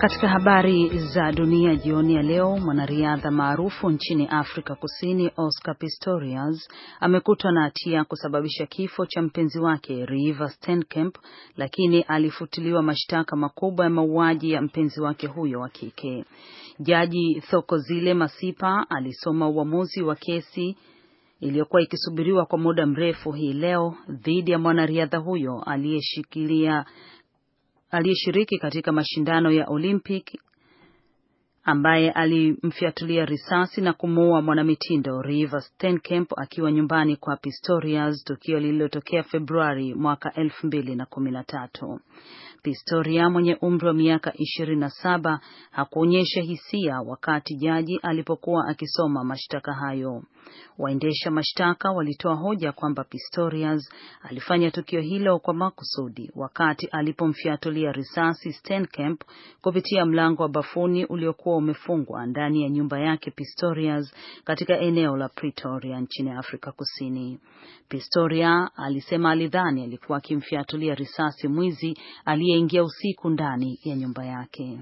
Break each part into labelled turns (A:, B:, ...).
A: Katika habari za dunia jioni ya leo, mwanariadha maarufu nchini Afrika Kusini Oscar Pistorius amekutwa na hatia kusababisha kifo cha mpenzi wake Reeva Steenkamp, lakini alifutiliwa mashtaka makubwa ya mauaji ya mpenzi wake huyo wa kike. Jaji Thokozile Masipa alisoma uamuzi wa kesi iliyokuwa ikisubiriwa kwa muda mrefu hii leo dhidi ya mwanariadha huyo aliyeshikilia aliyeshiriki katika mashindano ya Olympic ambaye alimfyatulia risasi na kumuua mwanamitindo Reeva Steenkamp akiwa nyumbani kwa Pistorius, tukio lililotokea Februari mwaka 2013. Pistoria mwenye umri wa miaka 27 hakuonyesha hisia wakati jaji alipokuwa akisoma mashtaka hayo. Waendesha mashtaka walitoa hoja kwamba Pistorius alifanya tukio hilo kwa makusudi wakati alipomfiatulia risasi Stenkamp kupitia mlango wa bafuni uliokuwa umefungwa ndani ya nyumba yake Pistorius katika eneo la Pretoria nchini Afrika Kusini. Pistoria alisema alidhani alikuwa akimfiatulia risasi mwizi aliye aliyeingia usiku ndani ya nyumba yake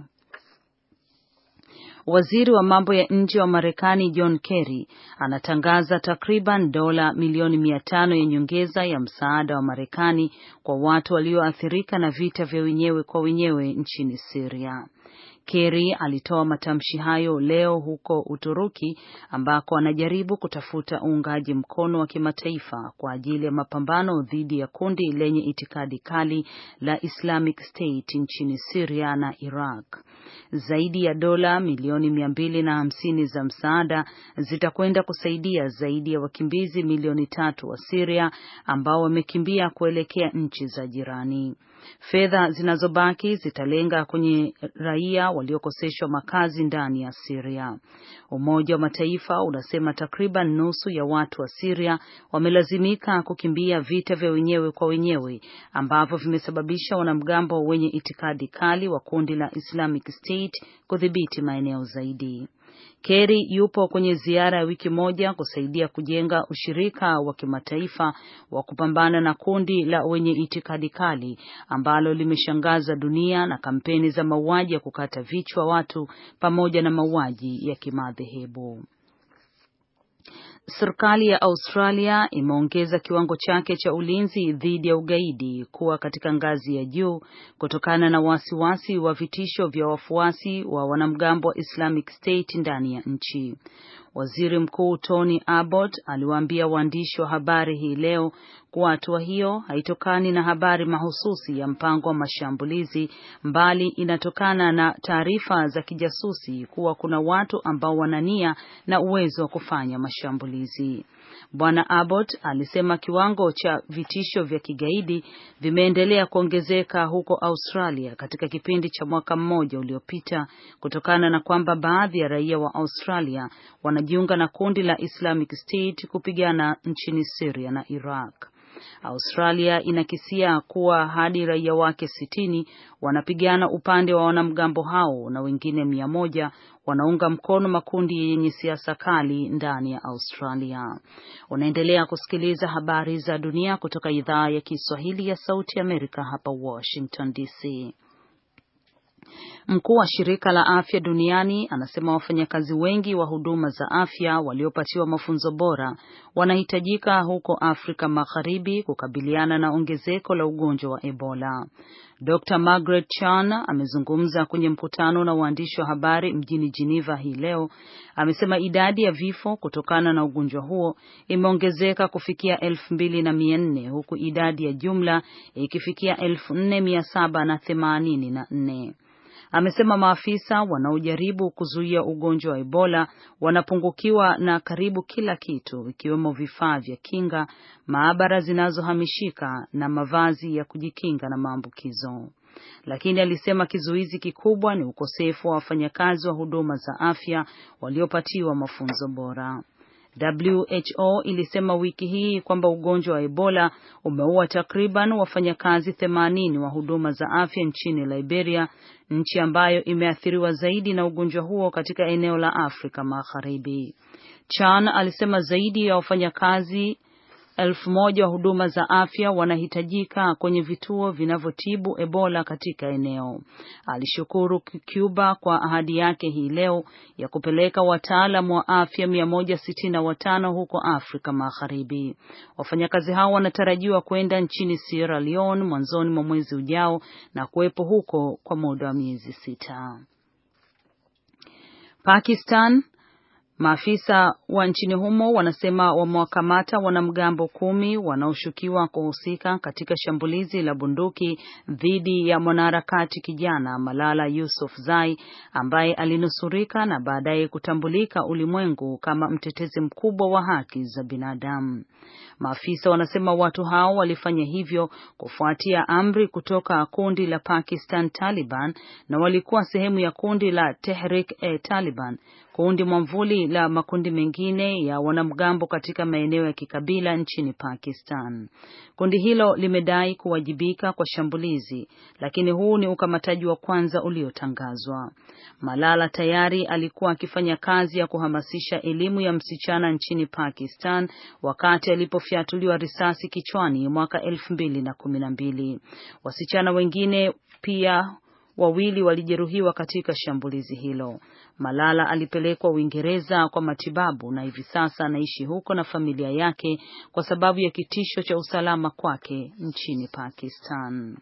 A: waziri wa mambo ya nje wa Marekani John Kerry anatangaza takriban dola milioni mia tano ya nyongeza ya msaada wa Marekani kwa watu walioathirika na vita vya wenyewe kwa wenyewe nchini Syria. Kerry alitoa matamshi hayo leo huko Uturuki ambako anajaribu kutafuta uungaji mkono wa kimataifa kwa ajili ya mapambano dhidi ya kundi lenye itikadi kali la Islamic State nchini Syria na Iraq. Zaidi ya dola milioni milioni mia mbili na hamsini za msaada zitakwenda kusaidia zaidi ya wakimbizi milioni tatu wa siria ambao wamekimbia kuelekea nchi za jirani. Fedha zinazobaki zitalenga kwenye raia waliokoseshwa makazi ndani ya siria Umoja wa Mataifa unasema takriban nusu ya watu wa siria wamelazimika kukimbia vita vya wenyewe kwa wenyewe ambavyo vimesababisha wanamgambo wenye itikadi kali wa kundi la Islamic State kudhibiti maeneo zaidi. Kerry yupo kwenye ziara ya wiki moja kusaidia kujenga ushirika wa kimataifa wa kupambana na kundi la wenye itikadi kali ambalo limeshangaza dunia na kampeni za mauaji ya kukata vichwa watu pamoja na mauaji ya kimadhehebu. Serikali ya Australia imeongeza kiwango chake cha ulinzi dhidi ya ugaidi kuwa katika ngazi ya juu kutokana na wasiwasi wa vitisho vya wafuasi wa wanamgambo wa Islamic State ndani ya nchi. Waziri Mkuu Tony Abbott aliwaambia waandishi wa habari hii leo kuwa hatua hiyo haitokani na habari mahususi ya mpango wa mashambulizi, mbali inatokana na taarifa za kijasusi kuwa kuna watu ambao wana nia na uwezo wa kufanya mashambulizi. Bwana Abbott alisema kiwango cha vitisho vya kigaidi vimeendelea kuongezeka huko Australia katika kipindi cha mwaka mmoja uliopita kutokana na kwamba baadhi ya raia wa Australia wanajiunga na kundi la Islamic State kupigana nchini Syria na Iraq. Australia inakisia kuwa hadi raia wake sitini wanapigana upande wa wanamgambo hao na wengine mia moja wanaunga mkono makundi yenye siasa kali ndani ya Australia. Unaendelea kusikiliza habari za dunia kutoka idhaa ya Kiswahili ya Sauti Amerika hapa Washington DC. Mkuu wa shirika la afya duniani anasema wafanyakazi wengi wa huduma za afya waliopatiwa mafunzo bora wanahitajika huko Afrika Magharibi kukabiliana na ongezeko la ugonjwa wa Ebola. Dr. Margaret Chan amezungumza kwenye mkutano na waandishi wa habari mjini Geneva hii leo. Amesema idadi ya vifo kutokana na ugonjwa huo imeongezeka kufikia 2400 huku idadi ya jumla ikifikia elfu amesema maafisa wanaojaribu kuzuia ugonjwa wa Ebola wanapungukiwa na karibu kila kitu ikiwemo vifaa vya kinga, maabara zinazohamishika na mavazi ya kujikinga na maambukizo. Lakini alisema kizuizi kikubwa ni ukosefu wa wafanyakazi wa huduma za afya waliopatiwa mafunzo bora. WHO ilisema wiki hii kwamba ugonjwa wa Ebola umeua takriban wafanyakazi 80 wa huduma za afya nchini Liberia, nchi ambayo imeathiriwa zaidi na ugonjwa huo katika eneo la Afrika Magharibi. Chan alisema zaidi ya wafanyakazi elfu moja wa huduma za afya wanahitajika kwenye vituo vinavyotibu Ebola katika eneo. Alishukuru Cuba kwa ahadi yake hii leo ya kupeleka wataalam wa afya 165 huko Afrika Magharibi. Wafanyakazi hao wanatarajiwa kwenda nchini Sierra Leone mwanzoni mwa mwezi ujao na kuwepo huko kwa muda wa miezi sita. Pakistan Maafisa wa nchini humo wanasema wamewakamata wanamgambo kumi wanaoshukiwa kuhusika katika shambulizi la bunduki dhidi ya mwanaharakati kijana Malala Yousafzai ambaye alinusurika na baadaye kutambulika ulimwengu kama mtetezi mkubwa wa haki za binadamu. Maafisa wanasema watu hao walifanya hivyo kufuatia amri kutoka kundi la Pakistan Taliban na walikuwa sehemu ya kundi la Tehrik-e-Taliban, kundi mwamvuli la makundi mengine ya wanamgambo katika maeneo ya kikabila nchini Pakistan. Kundi hilo limedai kuwajibika kwa shambulizi, lakini huu ni ukamataji wa kwanza uliotangazwa. Malala tayari alikuwa akifanya kazi ya kuhamasisha elimu ya msichana nchini Pakistan wakati alipofyatuliwa risasi kichwani mwaka elfu mbili na kumi na mbili. Wasichana wengine pia wawili walijeruhiwa katika shambulizi hilo. Malala alipelekwa Uingereza kwa matibabu na hivi sasa anaishi huko na familia yake kwa sababu ya kitisho cha usalama kwake nchini Pakistan.